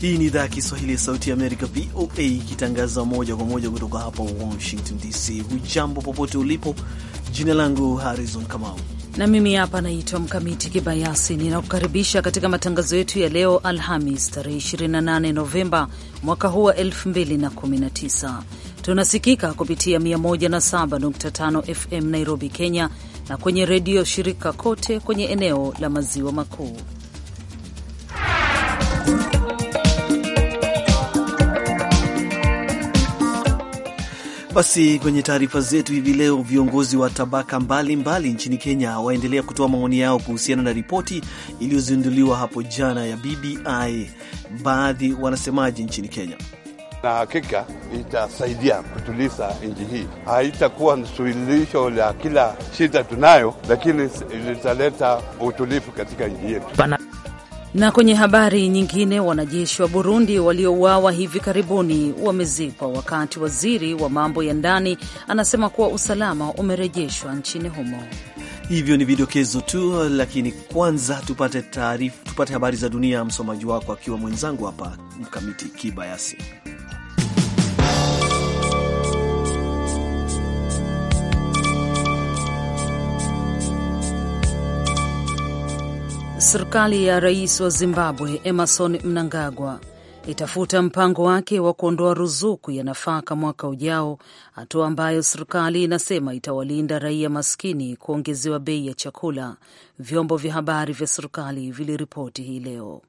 Hii ni idhaa ya Kiswahili ya Sauti ya Amerika, VOA, ikitangaza moja kwa moja kutoka hapa Washington DC. Hujambo popote ulipo. Jina langu Harrison Kamau na mimi hapa naitwa Mkamiti Kibayasi. Ninakukaribisha katika matangazo yetu ya leo Alhamis, tarehe 28 Novemba mwaka huu wa 2019. Tunasikika kupitia 107.5 FM Nairobi, Kenya, na kwenye redio shirika kote kwenye eneo la maziwa makuu. Basi kwenye taarifa zetu hivi leo, viongozi wa tabaka mbalimbali mbali nchini Kenya waendelea kutoa maoni yao kuhusiana na ripoti iliyozinduliwa hapo jana ya BBI. Baadhi wanasemaje nchini Kenya? Na hakika itasaidia kutuliza nchi hii, haitakuwa suluhisho la kila shida tunayo, lakini litaleta utulivu katika nchi yetu Pana. Na kwenye habari nyingine, wanajeshi wa Burundi waliouawa hivi karibuni wamezikwa, wakati waziri wa mambo ya ndani anasema kuwa usalama umerejeshwa nchini humo. Hivyo ni vidokezo tu, lakini kwanza tupate taarifa, tupate habari za dunia. Msomaji wako akiwa mwenzangu hapa Mkamiti Kibayasi. Serikali ya rais wa Zimbabwe Emerson Mnangagwa itafuta mpango wake wa kuondoa ruzuku ya nafaka mwaka ujao, hatua ambayo serikali inasema itawalinda raia maskini kuongezewa bei ya chakula, vyombo vya habari vya serikali viliripoti hii leo.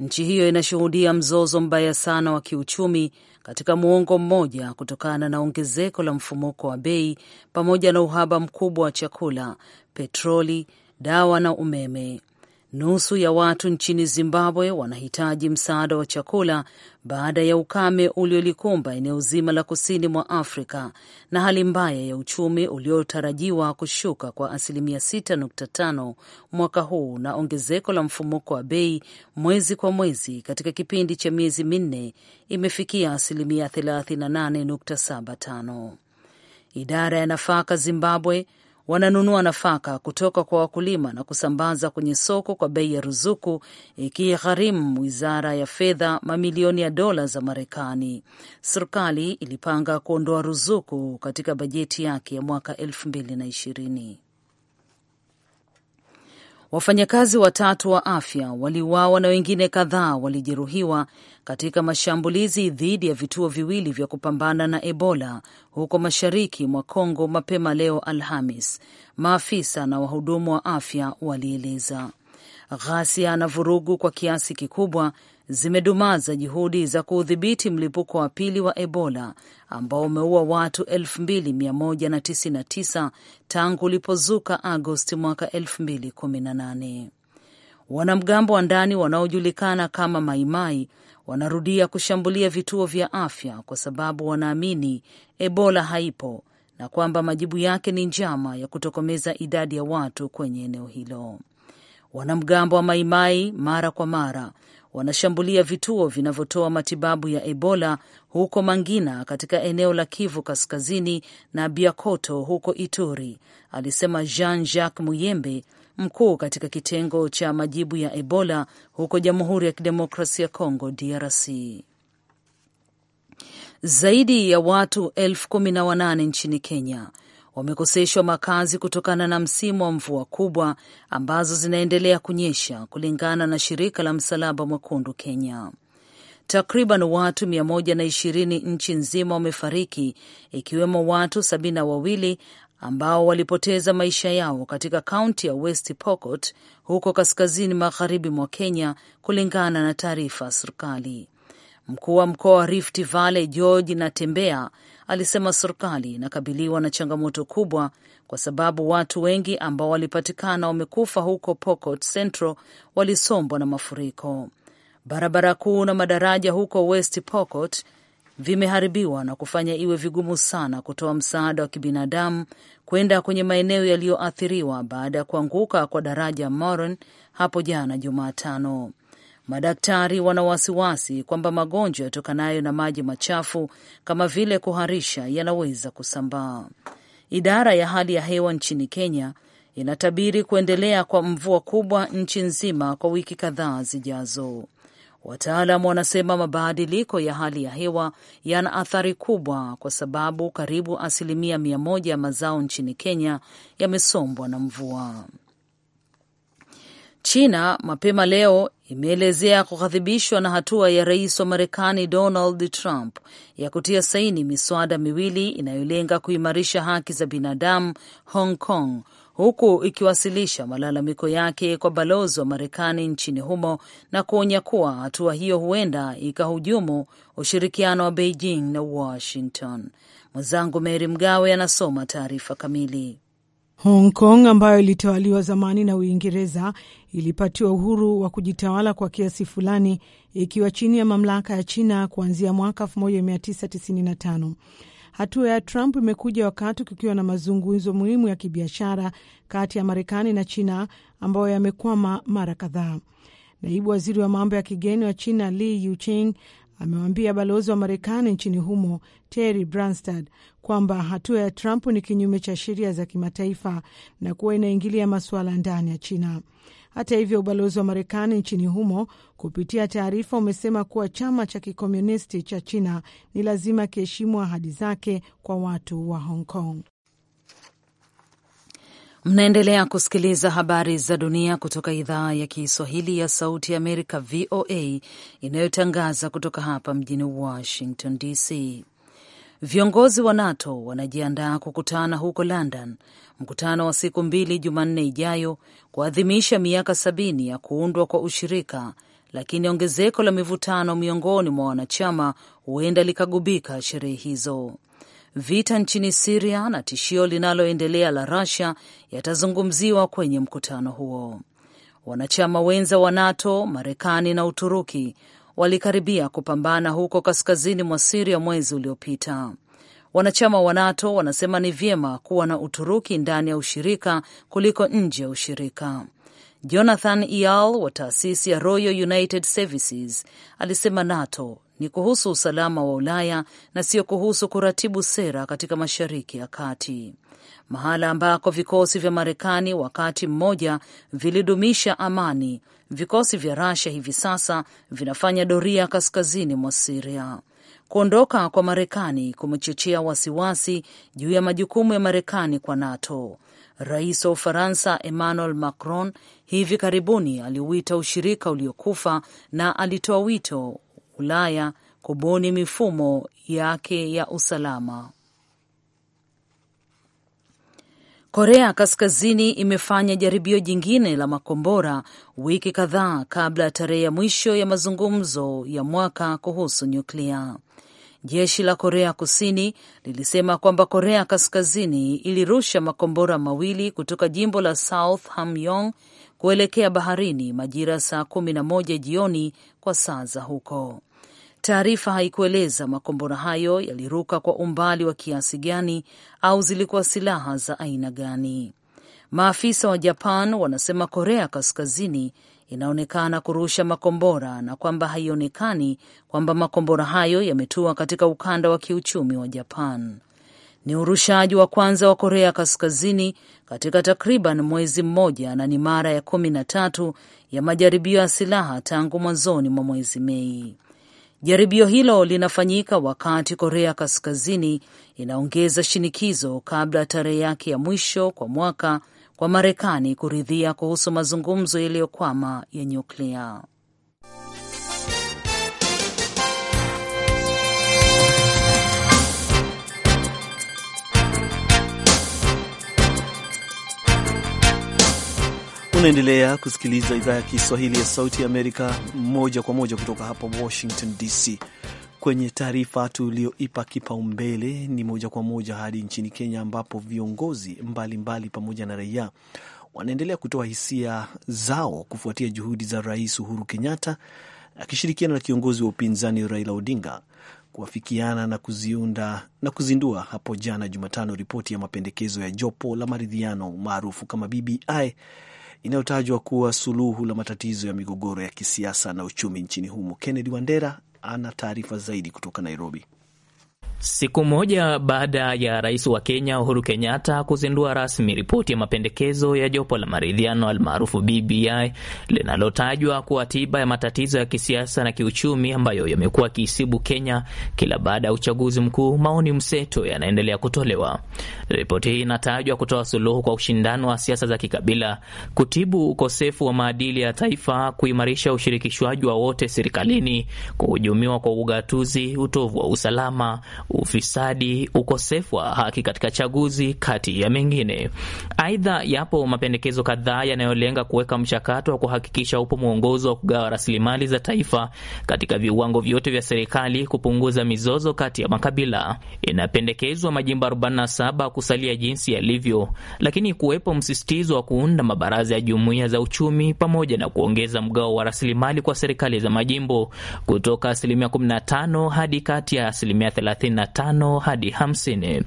Nchi hiyo inashuhudia mzozo mbaya sana wa kiuchumi katika muongo mmoja kutokana na ongezeko la mfumuko wa bei pamoja na uhaba mkubwa wa chakula, petroli, dawa na umeme. Nusu ya watu nchini Zimbabwe wanahitaji msaada wa chakula baada ya ukame uliolikumba eneo zima la kusini mwa Afrika na hali mbaya ya uchumi uliotarajiwa kushuka kwa asilimia 6.5 mwaka huu na ongezeko la mfumuko wa bei mwezi kwa mwezi katika kipindi cha miezi minne imefikia asilimia 38.75. Idara ya nafaka Zimbabwe wananunua nafaka kutoka kwa wakulima na kusambaza kwenye soko kwa bei ya ruzuku, ikigharimu wizara ya fedha mamilioni ya dola za Marekani. Serikali ilipanga kuondoa ruzuku katika bajeti yake ya mwaka ishirini Wafanyakazi watatu wa afya waliuawa na wengine kadhaa walijeruhiwa katika mashambulizi dhidi ya vituo viwili vya kupambana na Ebola huko mashariki mwa Kongo mapema leo Alhamis, maafisa na wahudumu wa afya walieleza. Ghasia na vurugu kwa kiasi kikubwa zimedumaza juhudi za kuudhibiti mlipuko wa pili wa Ebola ambao umeua watu 2199 tangu ulipozuka Agosti mwaka 2018. Wanamgambo wa ndani wanaojulikana kama Maimai wanarudia kushambulia vituo vya afya kwa sababu wanaamini Ebola haipo na kwamba majibu yake ni njama ya kutokomeza idadi ya watu kwenye eneo hilo. Wanamgambo wa Maimai mara kwa mara wanashambulia vituo vinavyotoa matibabu ya Ebola huko Mangina katika eneo la Kivu Kaskazini na Biakoto huko Ituri, alisema Jean-Jacques Muyembe, mkuu katika kitengo cha majibu ya Ebola huko Jamhuri ya Kidemokrasia ya Kongo DRC. Zaidi ya watu elfu kumi na wanane nchini Kenya wamekoseshwa makazi kutokana na msimu wa mvua kubwa ambazo zinaendelea kunyesha, kulingana na shirika la Msalaba Mwekundu Kenya. Takriban watu 120 nchi nzima wamefariki ikiwemo watu sabini na wawili ambao walipoteza maisha yao katika kaunti ya West Pokot huko kaskazini magharibi mwa Kenya, kulingana na taarifa ya serikali. Mkuu wa mkoa wa Rift Valley George Natembea alisema serikali inakabiliwa na changamoto kubwa kwa sababu watu wengi ambao walipatikana wamekufa huko Pokot Central walisombwa na mafuriko. Barabara kuu na madaraja huko West Pokot vimeharibiwa na kufanya iwe vigumu sana kutoa msaada wa kibinadamu kwenda kwenye maeneo yaliyoathiriwa baada ya kuanguka kwa daraja Moron hapo jana Jumatano. Madaktari wana wasiwasi kwamba magonjwa yatokanayo na maji machafu kama vile kuharisha yanaweza kusambaa. Idara ya hali ya hewa nchini Kenya inatabiri kuendelea kwa mvua kubwa nchi nzima kwa wiki kadhaa zijazo. Wataalam wanasema mabadiliko ya hali ya hewa yana athari kubwa, kwa sababu karibu asilimia mia moja ya mazao nchini Kenya yamesombwa na mvua. China mapema leo imeelezea kughadhibishwa na hatua ya rais wa Marekani Donald Trump ya kutia saini miswada miwili inayolenga kuimarisha haki za binadamu Hong Kong, huku ikiwasilisha malalamiko yake kwa balozi wa Marekani nchini humo na kuonya kuwa hatua hiyo huenda ikahujumu ushirikiano wa Beijing na Washington. Mwenzangu Mary Mgawe anasoma taarifa kamili. Hong Kong ambayo ilitawaliwa zamani na Uingereza ilipatiwa uhuru wa kujitawala kwa kiasi fulani ikiwa chini ya mamlaka ya China kuanzia mwaka 1995. Hatua ya Trump imekuja wakati kukiwa na mazungumzo muhimu ya kibiashara kati ya Marekani na China ambayo yamekwama mara kadhaa. Naibu waziri wa mambo ya kigeni wa China Li Yuching amewambia balozi wa Marekani nchini humo Terry Branstad kwamba hatua ya Trump ni kinyume cha sheria za kimataifa na kuwa inaingilia masuala ndani ya China. Hata hivyo, ubalozi wa Marekani nchini humo kupitia taarifa umesema kuwa chama cha kikomunisti cha China ni lazima kiheshimu ahadi zake kwa watu wa Hong Kong. Mnaendelea kusikiliza habari za dunia kutoka idhaa ya Kiswahili ya Sauti ya Amerika, VOA, inayotangaza kutoka hapa mjini Washington DC. Viongozi wa NATO wanajiandaa kukutana huko London, mkutano wa siku mbili Jumanne ijayo kuadhimisha miaka sabini ya kuundwa kwa ushirika, lakini ongezeko la mivutano miongoni mwa wanachama huenda likagubika sherehe hizo vita nchini Siria na tishio linaloendelea la Russia yatazungumziwa kwenye mkutano huo. Wanachama wenza wa NATO, Marekani na Uturuki walikaribia kupambana huko kaskazini mwa Siria mwezi uliopita. Wanachama wa NATO wanasema ni vyema kuwa na Uturuki ndani ya ushirika kuliko nje ya ushirika. Jonathan Eyal wa taasisi ya Royal United Services alisema NATO ni kuhusu usalama wa Ulaya na sio kuhusu kuratibu sera katika Mashariki ya Kati, mahala ambako vikosi vya Marekani wakati mmoja vilidumisha amani. Vikosi vya Rasia hivi sasa vinafanya doria kaskazini mwa Siria. Kuondoka kwa Marekani kumechochea wasiwasi juu ya majukumu ya Marekani kwa NATO. Rais wa Ufaransa Emmanuel Macron hivi karibuni aliuita ushirika uliokufa na alitoa wito Ulaya kubuni mifumo yake ya usalama. Korea Kaskazini imefanya jaribio jingine la makombora wiki kadhaa kabla ya tarehe ya mwisho ya mazungumzo ya mwaka kuhusu nyuklia. Jeshi la Korea Kusini lilisema kwamba Korea Kaskazini ilirusha makombora mawili kutoka jimbo la South Hamgyong kuelekea baharini majira saa kumi na moja jioni kwa saa za huko. Taarifa haikueleza makombora hayo yaliruka kwa umbali wa kiasi gani au zilikuwa silaha za aina gani. Maafisa wa Japan wanasema Korea Kaskazini inaonekana kurusha makombora na kwamba haionekani kwamba makombora hayo yametua katika ukanda wa kiuchumi wa Japan ni urushaji wa kwanza wa Korea Kaskazini katika takriban mwezi mmoja na ni mara ya kumi na tatu ya majaribio ya silaha tangu mwanzoni mwa mwezi Mei. Jaribio hilo linafanyika wakati Korea Kaskazini inaongeza shinikizo kabla ya tarehe yake ya mwisho kwa mwaka kwa Marekani kuridhia kuhusu mazungumzo yaliyokwama ya nyuklia. Unaendelea kusikiliza idhaa ya Kiswahili ya Sauti ya Amerika moja kwa moja kutoka hapa Washington DC. Kwenye taarifa tulioipa kipaumbele ni moja kwa moja hadi nchini Kenya, ambapo viongozi mbalimbali mbali pamoja na raia wanaendelea kutoa hisia zao kufuatia juhudi za Rais Uhuru Kenyatta akishirikiana na kiongozi wa upinzani Raila Odinga kuafikiana na kuziunda na kuzindua hapo jana Jumatano ripoti ya mapendekezo ya jopo la maridhiano maarufu kama BBI inayotajwa kuwa suluhu la matatizo ya migogoro ya kisiasa na uchumi nchini humo. Kennedy Wandera ana taarifa zaidi kutoka Nairobi. Siku moja baada ya rais wa Kenya Uhuru Kenyatta kuzindua rasmi ripoti ya mapendekezo ya jopo la maridhiano almaarufu BBI linalotajwa kuwa tiba ya matatizo ya kisiasa na kiuchumi ambayo yamekuwa akiisibu Kenya kila baada ya uchaguzi mkuu, maoni mseto yanaendelea kutolewa. Ripoti hii inatajwa kutoa suluhu kwa ushindano wa siasa za kikabila, kutibu ukosefu wa maadili ya taifa, kuimarisha ushirikishwaji wa wote serikalini, kuhujumiwa kwa ugatuzi, utovu wa usalama ufisadi, ukosefu wa haki katika chaguzi, kati ya mengine. Aidha, yapo mapendekezo kadhaa yanayolenga kuweka mchakato wa kuhakikisha upo mwongozo wa kugawa rasilimali za taifa katika viwango vyote vya serikali, kupunguza mizozo kati ya makabila. Inapendekezwa majimbo 47 kusalia jinsi yalivyo, lakini kuwepo msisitizo wa kuunda mabaraza ya jumuiya za uchumi pamoja na kuongeza mgao wa rasilimali kwa serikali za majimbo kutoka asilimia 15 hadi kati ya asilimia 30 45 hadi 50.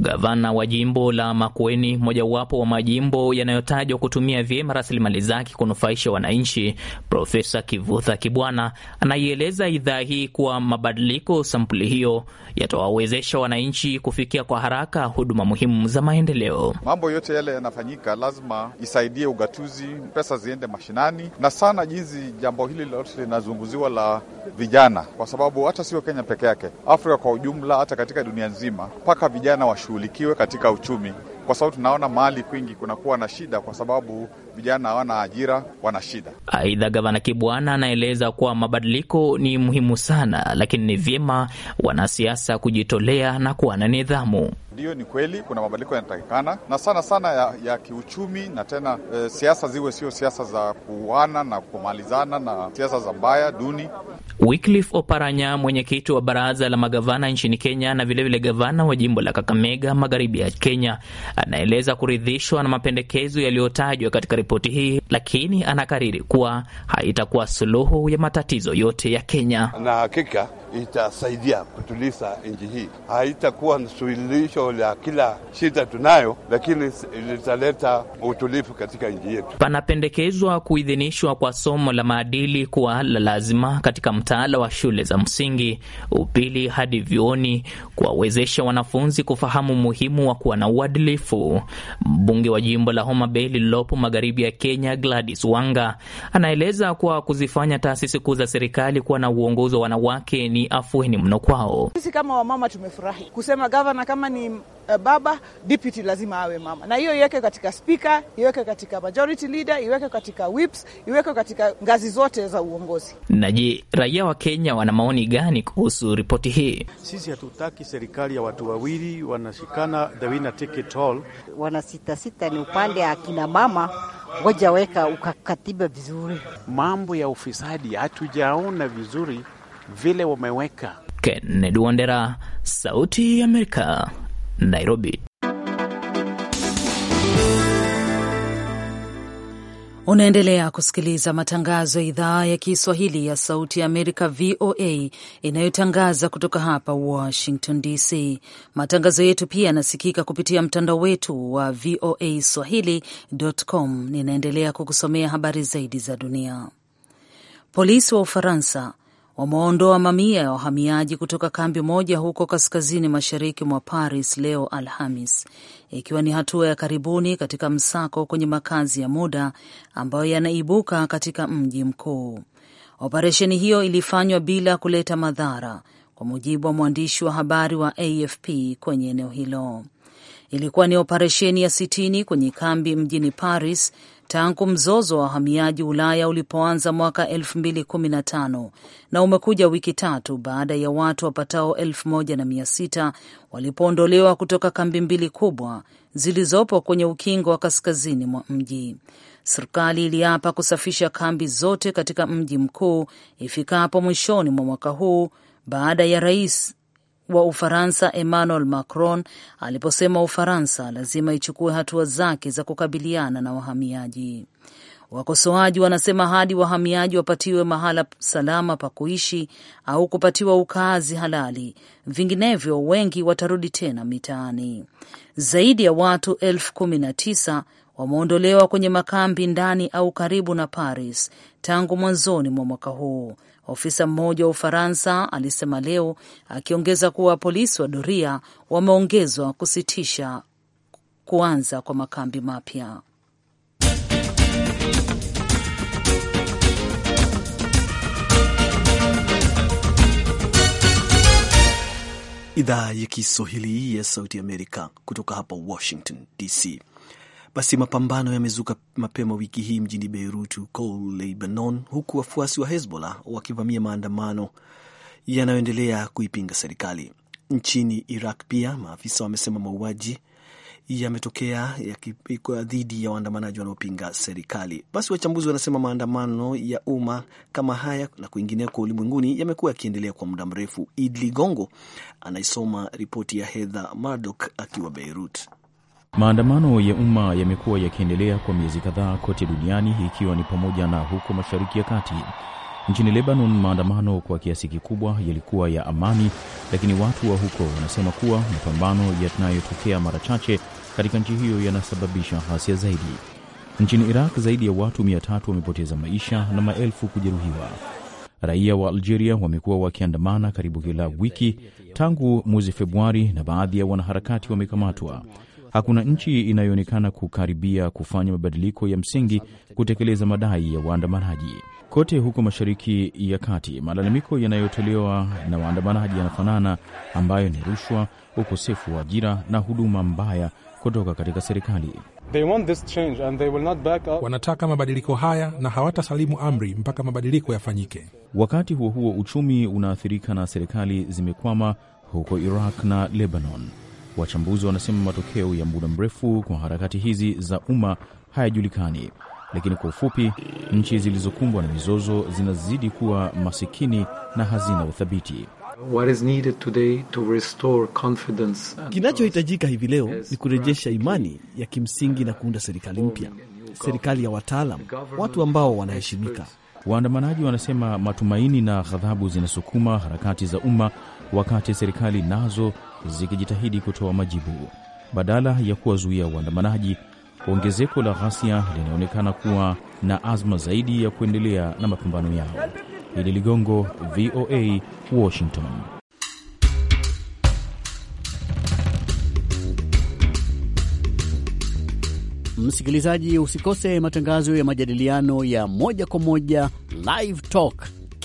Gavana wa jimbo la Makueni, mojawapo wa majimbo yanayotajwa kutumia vyema rasilimali zake kunufaisha wananchi, Profesa Kivutha Kibwana anaieleza idhaa hii kuwa mabadiliko sampuli hiyo yatawawezesha wananchi kufikia kwa haraka huduma muhimu za maendeleo. Mambo yote yale yanafanyika, lazima isaidie ugatuzi, pesa ziende mashinani, na sana jinsi jambo hili lote linazunguziwa la vijana, kwa sababu hata sio Kenya peke yake, Afrika kwa ujumla ujumla, hata katika dunia nzima, mpaka vijana washughulikiwe katika uchumi, kwa sababu tunaona mahali kwingi kunakuwa na shida kwa sababu vijana hawana ajira, wana shida. Aidha, gavana Kibwana anaeleza kuwa mabadiliko ni muhimu sana, lakini ni vyema wanasiasa kujitolea na kuwa na nidhamu. Ndiyo, ni kweli kuna mabadiliko yanatakikana, na sana sana ya, ya kiuchumi, na tena e, siasa ziwe sio siasa za kuuana na kumalizana na siasa za mbaya duni. Wycliffe Oparanya, mwenyekiti wa baraza la magavana nchini Kenya na vilevile vile gavana wa jimbo la Kakamega magharibi ya Kenya, anaeleza kuridhishwa na mapendekezo yaliyotajwa katika ripoti hii, lakini anakariri kuwa haitakuwa suluhu ya matatizo yote ya Kenya, na hakika itasaidia kutuliza nchi hii. Haitakuwa suluhisho la kila shida tunayo, lakini litaleta utulivu katika nchi yetu. Panapendekezwa kuidhinishwa kwa somo la maadili kuwa la lazima katika mtaala wa shule za msingi, upili hadi vyuoni, kuwawezesha wanafunzi kufahamu umuhimu wa kuwa na uadilifu. Mbunge wa jimbo la Homa Bay lililopo magharibi magharibi ya Kenya, Gladys Wanga, anaeleza kuwa kuzifanya taasisi kuu za serikali kuwa na uongozi wa wanawake ni afueni mno kwao. Sisi kama wamama tumefurahi kusema gavana kama ni Eh, baba deputy lazima awe mama, na hiyo iweke katika speaker, iweke katika majority leader, iweke katika whips, iweke katika ngazi zote za uongozi. Na je, raia wa Kenya wana maoni gani kuhusu ripoti hii? Sisi hatutaki serikali ya watu wawili wanashikana, the winner take it all. Wanasitasita ni upande ya akina mama ngoja weka ukakatiba vizuri. Mambo ya ufisadi hatujaona vizuri vile wameweka. Kennedy Wandera, Sauti ya Amerika, Nairobi. Unaendelea kusikiliza matangazo ya idhaa ya Kiswahili ya Sauti ya Amerika, VOA, inayotangaza kutoka hapa Washington DC. Matangazo yetu pia yanasikika kupitia mtandao wetu wa VOA Swahili.com. Ninaendelea kukusomea habari zaidi za dunia. Polisi wa Ufaransa wameondoa mamia ya wahamiaji kutoka kambi moja huko kaskazini mashariki mwa Paris leo Alhamis, ikiwa ni hatua ya karibuni katika msako kwenye makazi ya muda ambayo yanaibuka katika mji mkuu. Operesheni hiyo ilifanywa bila kuleta madhara, kwa mujibu wa mwandishi wa habari wa AFP kwenye eneo hilo. Ilikuwa ni operesheni ya sitini kwenye kambi mjini Paris tangu mzozo wa wahamiaji Ulaya ulipoanza mwaka 2015 na umekuja wiki tatu baada ya watu wapatao 1600 walipoondolewa kutoka kambi mbili kubwa zilizopo kwenye ukingo wa kaskazini mwa mji. Serikali iliapa kusafisha kambi zote katika mji mkuu ifikapo mwishoni mwa mwaka huu baada ya rais wa Ufaransa Emmanuel Macron aliposema Ufaransa lazima ichukue hatua zake za kukabiliana na wahamiaji. Wakosoaji wanasema hadi wahamiaji wapatiwe mahala salama pa kuishi au kupatiwa ukaazi halali, vinginevyo wengi watarudi tena mitaani. Zaidi ya watu elfu kumi na tisa wameondolewa kwenye makambi ndani au karibu na Paris tangu mwanzoni mwa mwaka huu ofisa mmoja wa Ufaransa alisema leo, akiongeza kuwa polisi wa doria wameongezwa kusitisha kuanza kwa makambi mapya. Idhaa ya Kiswahili ya Sauti Amerika kutoka hapa Washington DC. Basi mapambano yamezuka mapema wiki hii mjini Beirut huko Lebanon, huku wafuasi wa Hezbollah wakivamia maandamano yanayoendelea kuipinga serikali. Nchini Iraq pia maafisa wamesema mauaji yametokea yakipikwa dhidi ya waandamanaji wanaopinga serikali. Basi wachambuzi wanasema maandamano ya umma kama haya na kwingineko ulimwenguni yamekuwa yakiendelea kwa muda mrefu. idli gongo anaisoma ripoti ya Hedha Mardok akiwa Beirut. Maandamano ya umma yamekuwa yakiendelea kwa miezi kadhaa kote duniani ikiwa ni pamoja na huko Mashariki ya Kati. Nchini Lebanon, maandamano kwa kiasi kikubwa yalikuwa ya amani, lakini watu wa huko wanasema kuwa mapambano yanayotokea mara chache katika nchi hiyo yanasababisha ghasia zaidi. Nchini Iraq, zaidi ya watu mia tatu wamepoteza maisha na maelfu kujeruhiwa. Raia wa Algeria wamekuwa wakiandamana karibu kila wiki tangu mwezi Februari, na baadhi ya wanaharakati wamekamatwa. Hakuna nchi inayoonekana kukaribia kufanya mabadiliko ya msingi kutekeleza madai ya waandamanaji. Kote huko Mashariki ya Kati, malalamiko yanayotolewa na waandamanaji yanafanana, ambayo ni rushwa, ukosefu wa ajira na huduma mbaya kutoka katika serikali. They want this change and they will not back up. Wanataka mabadiliko haya na hawatasalimu amri mpaka mabadiliko yafanyike. Wakati huo huo, uchumi unaathirika na serikali zimekwama huko Iraq na Lebanon. Wachambuzi wanasema matokeo ya muda mrefu kwa harakati hizi za umma hayajulikani, lakini kwa ufupi, nchi zilizokumbwa na mizozo zinazidi kuwa masikini na hazina uthabiti. Kinachohitajika hivi leo ni kurejesha imani ya kimsingi na kuunda serikali mpya, serikali ya wataalam, watu ambao wanaheshimika. Waandamanaji wanasema matumaini na ghadhabu zinasukuma harakati za umma, wakati serikali nazo zikijitahidi kutoa majibu badala ya kuwazuia waandamanaji. Ongezeko la ghasia linaonekana kuwa na azma zaidi ya kuendelea na mapambano yao. Ili Ligongo, VOA, Washington. Msikilizaji, usikose matangazo ya majadiliano ya moja kwa moja Live Talk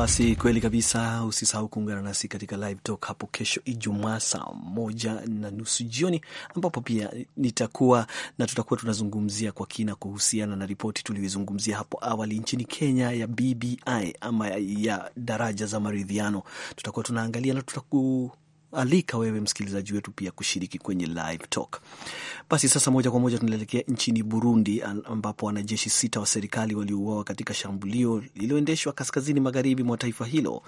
Basi kweli kabisa, usisahau kuungana nasi katika live talk hapo kesho Ijumaa saa moja na nusu jioni, ambapo pia nitakuwa na tutakuwa tunazungumzia kwa kina kuhusiana na ripoti tuliyoizungumzia hapo awali nchini Kenya ya BBI ama ya daraja za maridhiano. Tutakuwa tunaangalia na tutaku alika wewe msikilizaji wetu pia kushiriki kwenye live talk. Basi sasa moja kwa moja tunaelekea nchini Burundi ambapo wanajeshi sita wa serikali waliouawa katika shambulio lililoendeshwa kaskazini magharibi mwa taifa hilo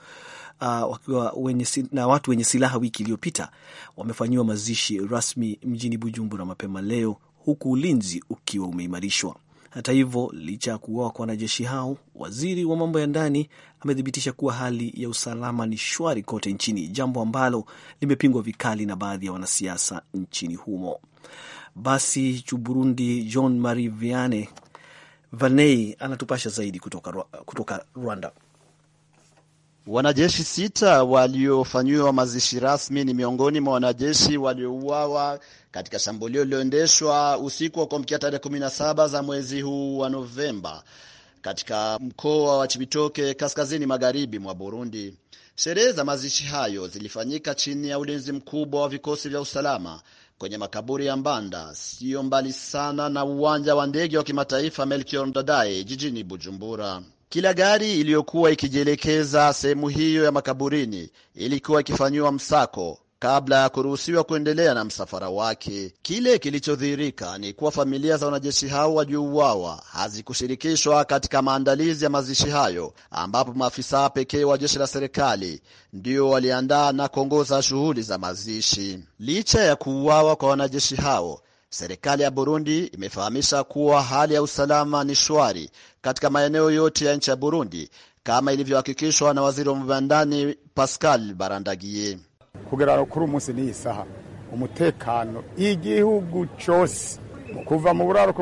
Uh, wakiwa wenye, na watu wenye silaha wiki iliyopita wamefanyiwa mazishi rasmi mjini Bujumbura mapema leo huku ulinzi ukiwa umeimarishwa. Hata hivyo, licha ya kuuawa kwa wanajeshi hao, waziri wa mambo ya ndani amethibitisha kuwa hali ya usalama ni shwari kote nchini, jambo ambalo limepingwa vikali na baadhi ya wanasiasa nchini humo. Basi Chuburundi John Marie Viane Vanei anatupasha zaidi kutoka, kutoka Rwanda. Wanajeshi sita waliofanyiwa mazishi rasmi ni miongoni mwa wanajeshi waliouawa katika shambulio lililoendeshwa usiku wa kuamkia tarehe 17 za mwezi huu wa Novemba katika mkoa wa Chibitoke kaskazini magharibi mwa Burundi. Sherehe za mazishi hayo zilifanyika chini ya ulinzi mkubwa wa vikosi vya usalama kwenye makaburi ya Mbanda, siyo mbali sana na uwanja wa ndege wa kimataifa Melchior Ndadaye jijini Bujumbura. Kila gari iliyokuwa ikijielekeza sehemu hiyo ya makaburini ilikuwa ikifanyiwa msako kabla ya kuruhusiwa kuendelea na msafara wake. Kile kilichodhihirika ni kuwa familia za wanajeshi hao waliouawa hazikushirikishwa katika maandalizi ya mazishi hayo, ambapo maafisa pekee wa jeshi la serikali ndio waliandaa na kuongoza shughuli za mazishi. Licha ya kuuawa kwa wanajeshi hao, serikali ya Burundi imefahamisha kuwa hali ya usalama ni shwari katika maeneo yote ya nchi ya Burundi kama ilivyohakikishwa na waziri wa mambo ya ndani Pascal Barandagie kugera kuri umunsi ni isaha umutekano igihugu cyose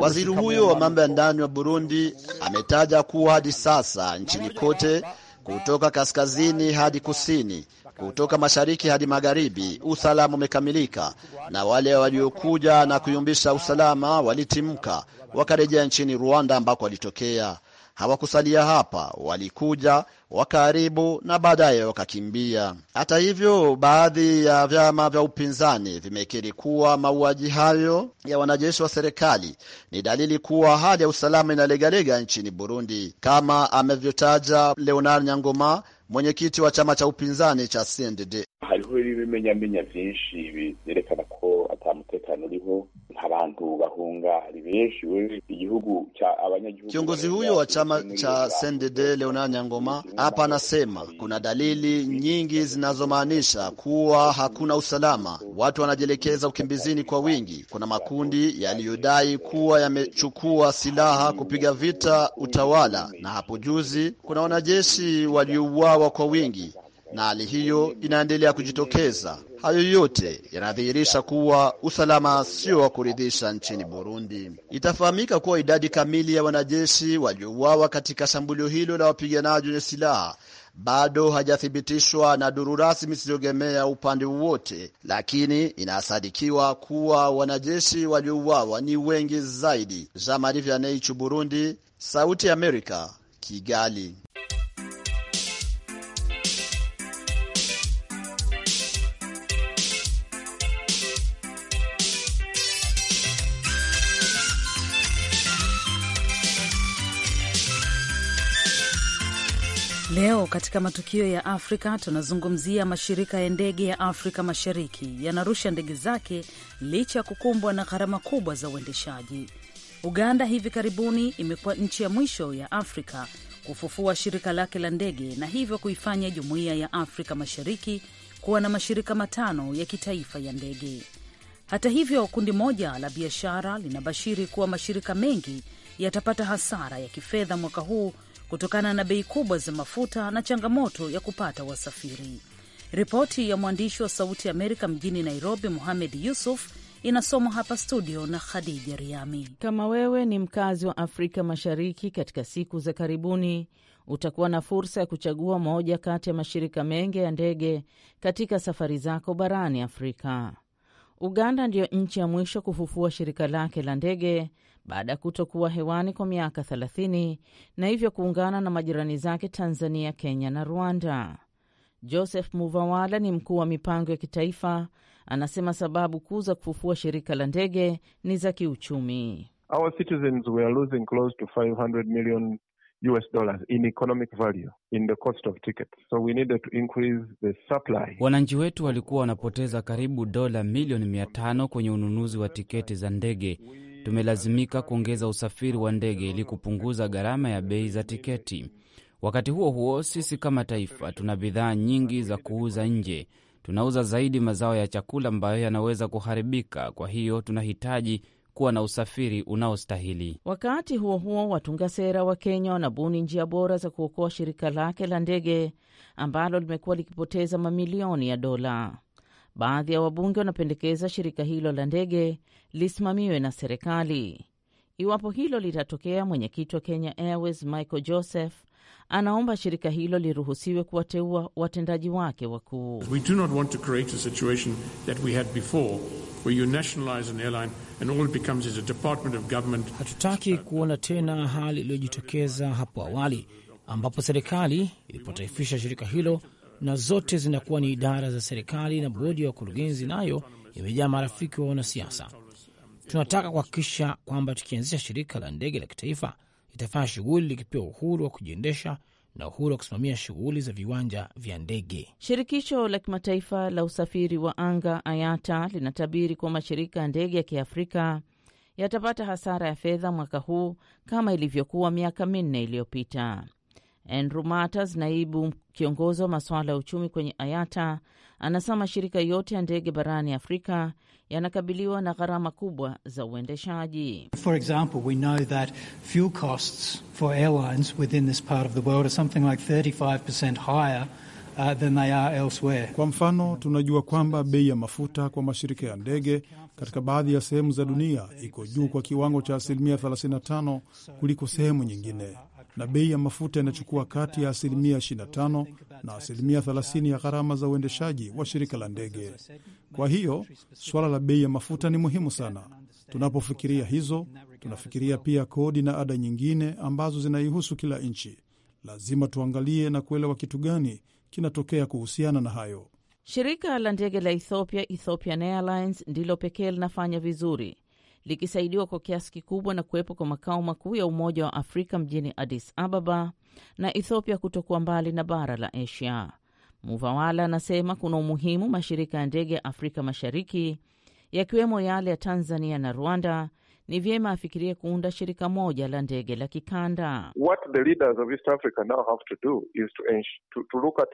Waziri huyo wa mambo ya ndani wa Burundi ametaja kuwa hadi sasa nchini kote, kutoka kaskazini hadi kusini, kutoka mashariki hadi magharibi, usalama umekamilika na wale waliokuja na kuyumbisha usalama walitimka, wakarejea nchini Rwanda ambako walitokea hawakusalia hapa, walikuja wakaharibu na baadaye wakakimbia. Hata hivyo, baadhi ya vyama vya upinzani vimekiri kuwa mauaji hayo ya wanajeshi wa serikali ni dalili kuwa hali ya usalama inalegalega nchini Burundi, kama amevyotaja Leonard Nyangoma, mwenyekiti wa chama cha upinzani cha CNDD. hariho ibimenyamenya vyinshi vyerekana ko ata mutekano uriho bantu kuunga benshi wewe igihugu cha abanyagihugu. Kiongozi huyo wa chama cha CNDD Leonard Nyangoma hapa anasema kuna dalili nyingi zinazomaanisha kuwa hakuna usalama, watu wanajielekeza ukimbizini kwa wingi. Kuna makundi yaliyodai kuwa yamechukua silaha kupiga vita utawala, na hapo juzi kuna wanajeshi waliouawa kwa wingi, na hali hiyo inaendelea kujitokeza. Hayo yote yanadhihirisha kuwa usalama sio wa kuridhisha nchini Burundi. Itafahamika kuwa idadi kamili ya wanajeshi waliouawa katika shambulio hilo la wapiganaji wenye silaha bado hajathibitishwa na duru rasmi zisizoegemea upande wowote, lakini inasadikiwa kuwa wanajeshi waliouawa ni wengi zaidi. Jean Marie Vianney, Burundi, Sauti ya Amerika, Kigali. Leo katika matukio ya Afrika tunazungumzia mashirika ya ndege ya Afrika Mashariki yanarusha ndege zake licha ya kukumbwa na gharama kubwa za uendeshaji. Uganda hivi karibuni imekuwa nchi ya mwisho ya Afrika kufufua shirika lake la ndege na hivyo kuifanya Jumuiya ya Afrika Mashariki kuwa na mashirika matano ya kitaifa ya ndege. Hata hivyo, kundi moja la biashara linabashiri kuwa mashirika mengi yatapata hasara ya kifedha mwaka huu kutokana na bei kubwa za mafuta na changamoto ya kupata wasafiri. Ripoti ya mwandishi wa Sauti Amerika mjini Nairobi, Muhamed Yusuf, inasomwa hapa studio na Khadija Riami. Kama wewe ni mkazi wa Afrika Mashariki, katika siku za karibuni utakuwa na fursa ya kuchagua moja kati ya mashirika mengi ya ndege katika safari zako barani Afrika. Uganda ndiyo nchi ya mwisho kufufua shirika lake la ndege baada ya kutokuwa hewani kwa miaka 30 na hivyo kuungana na majirani zake Tanzania, Kenya na Rwanda. Joseph Muvawala ni mkuu wa mipango ya kitaifa, anasema sababu kuu za kufufua shirika la ndege ni za kiuchumi. Our citizens were losing close to 500 million US dollars in economic value in the cost of tickets. So we needed to increase the supply. Wananchi wetu walikuwa wanapoteza karibu dola milioni mia tano kwenye ununuzi wa tiketi za ndege tumelazimika kuongeza usafiri wa ndege ili kupunguza gharama ya bei za tiketi. Wakati huo huo, sisi kama taifa tuna bidhaa nyingi za kuuza nje. Tunauza zaidi mazao ya chakula ambayo yanaweza kuharibika, kwa hiyo tunahitaji kuwa na usafiri unaostahili. Wakati huo huo, watunga sera wa Kenya wanabuni njia bora za kuokoa shirika lake la ndege ambalo limekuwa likipoteza mamilioni ya dola. Baadhi ya wabunge wanapendekeza shirika hilo la ndege lisimamiwe na serikali. Iwapo hilo litatokea, mwenyekiti wa Kenya Airways Michael Joseph anaomba shirika hilo liruhusiwe kuwateua watendaji wake wakuu. Hatutaki kuona tena hali iliyojitokeza hapo awali ambapo serikali ilipotaifisha shirika hilo na zote zinakuwa ni idara za serikali na bodi ya wakurugenzi, nayo imejaa marafiki wa wanasiasa. Tunataka kuhakikisha kwamba tukianzisha shirika la ndege la kitaifa litafanya shughuli likipewa uhuru wa kujiendesha na uhuru wa kusimamia shughuli za viwanja vya ndege. Shirikisho la kimataifa la usafiri wa anga Ayata linatabiri kuwa mashirika ya ndege ya kiafrika yatapata hasara ya fedha mwaka huu kama ilivyokuwa miaka minne iliyopita. Andrew Matas, naibu kiongozi wa masuala ya uchumi kwenye Ayata, anasema mashirika yote ya ndege barani Afrika yanakabiliwa na gharama kubwa za uendeshaji. Kwa mfano, tunajua kwamba bei ya mafuta kwa mashirika ya ndege katika baadhi ya sehemu za dunia iko juu kwa kiwango cha asilimia 35 kuliko sehemu nyingine na bei ya mafuta inachukua kati ya asilimia 25 na asilimia 30 ya gharama za uendeshaji wa shirika la ndege. Kwa hiyo suala la bei ya mafuta ni muhimu sana. Tunapofikiria hizo, tunafikiria pia kodi na ada nyingine ambazo zinaihusu kila nchi. Lazima tuangalie na kuelewa kitu gani kinatokea kuhusiana na hayo. Shirika la ndege la Ethiopia, Ethiopian Airlines, ndilo pekee linafanya vizuri likisaidiwa kwa kiasi kikubwa na kuwepo kwa makao makuu ya Umoja wa Afrika mjini Addis Ababa na Ethiopia kutokuwa mbali na bara la Asia. Muvawala anasema kuna umuhimu mashirika ya ndege ya Afrika Mashariki yakiwemo yale ya Tanzania na Rwanda ni vyema afikirie kuunda shirika moja la ndege la kikanda. What the leaders of East Africa now have to do is to, to, to look at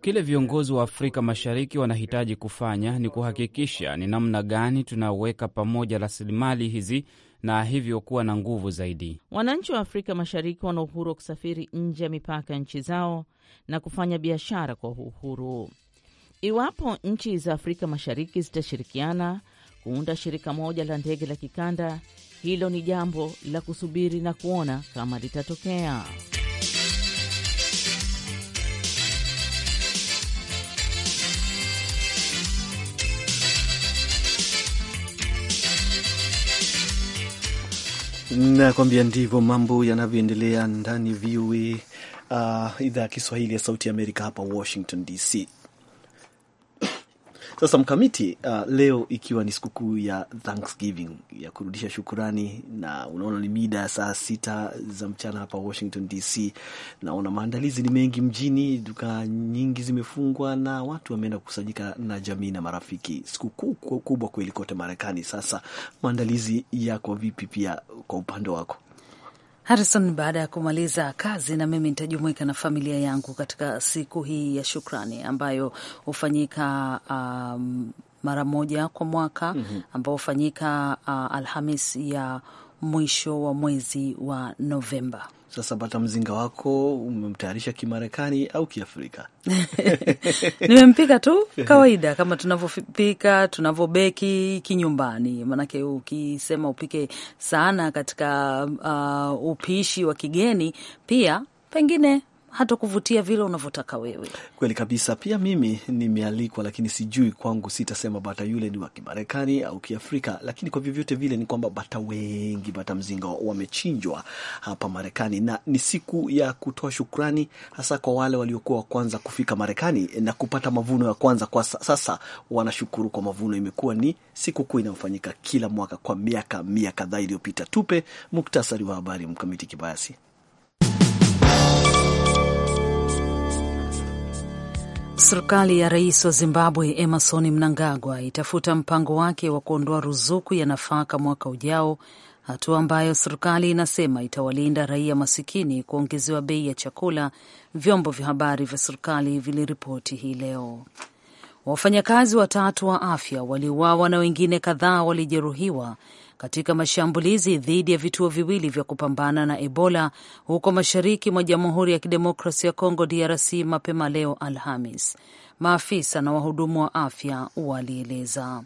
Kile viongozi wa Afrika Mashariki wanahitaji kufanya ni kuhakikisha ni namna gani tunaweka pamoja rasilimali hizi na hivyo kuwa na nguvu zaidi. Wananchi wa Afrika Mashariki wana uhuru wa kusafiri nje ya mipaka ya nchi zao na kufanya biashara kwa uhuru. Iwapo nchi za Afrika Mashariki zitashirikiana kuunda shirika moja la ndege la kikanda, hilo ni jambo la kusubiri na kuona kama litatokea. Nakwambia ndivyo mambo yanavyoendelea ndani VOA, uh, idhaa ya Kiswahili ya Sauti ya Amerika hapa Washington DC. Sasa mkamiti, uh, leo ikiwa ni sikukuu ya Thanksgiving ya kurudisha shukurani, na unaona ni mida ya saa sita za mchana hapa Washington DC. Naona maandalizi ni mengi mjini, duka nyingi zimefungwa na watu wameenda kukusanyika na jamii na marafiki. Sikukuu kubwa kweli kote Marekani. Sasa maandalizi yako vipi, pia kwa upande wako? Harrison, baada ya kumaliza kazi na mimi nitajumuika na familia yangu katika siku hii ya shukrani ambayo hufanyika um, mara moja kwa mwaka mhm. ambao hufanyika uh, Alhamis ya mwisho wa mwezi wa Novemba. Sasa pata mzinga wako, umemtayarisha kimarekani au kiafrika? Nimempika tu kawaida, kama tunavyopika tunavyobeki kinyumbani, maanake ukisema upike sana katika uh, upishi wa kigeni pia pengine hata kuvutia vile unavyotaka wewe. Kweli kabisa. Pia mimi nimealikwa, lakini sijui kwangu, sitasema bata yule ni wa Kimarekani au Kiafrika, lakini kwa vyovyote vile ni kwamba bata wengi, bata mzinga wamechinjwa hapa Marekani, na ni siku ya kutoa shukrani hasa kwa wale waliokuwa wa kwanza kufika Marekani na kupata mavuno ya kwanza. Kwa sasa wanashukuru kwa mavuno. Imekuwa ni sikukuu inayofanyika kila mwaka kwa miaka mia kadhaa iliyopita. Tupe muktasari wa habari, Mkamiti Kibayasi. Serikali ya rais wa Zimbabwe Emerson Mnangagwa itafuta mpango wake wa kuondoa ruzuku ya nafaka mwaka ujao, hatua ambayo serikali inasema itawalinda raia masikini kuongezewa bei ya chakula, vyombo vya habari vya serikali viliripoti hii leo. Wafanyakazi watatu wa afya waliuawa na wengine kadhaa walijeruhiwa katika mashambulizi dhidi ya vituo viwili vya kupambana na Ebola huko mashariki mwa Jamhuri ya Kidemokrasia ya Kongo DRC mapema leo Alhamis. Maafisa na wahudumu wa afya walieleza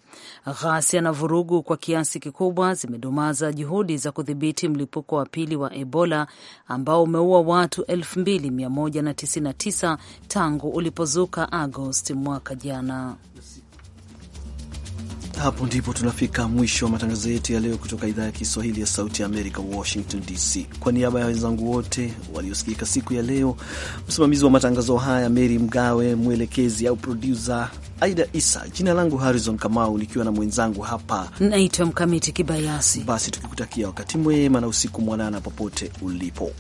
ghasia na vurugu kwa kiasi kikubwa zimedumaza juhudi za kudhibiti mlipuko wa pili wa Ebola ambao umeua watu 2199 tangu ulipozuka Agosti mwaka jana. Hapo ndipo tunafika mwisho wa matangazo yetu ya leo kutoka idhaa ya Kiswahili ya Sauti ya Amerika, Washington DC. Kwa niaba ya wenzangu wote waliosikika siku ya leo, msimamizi wa matangazo haya Meri Mgawe, mwelekezi au produsa Aida Isa, jina langu Harrison Kamau, nikiwa na mwenzangu hapa naitwa Mkamiti Kibayasi. Basi tukikutakia wakati mwema na usiku mwanana popote ulipo.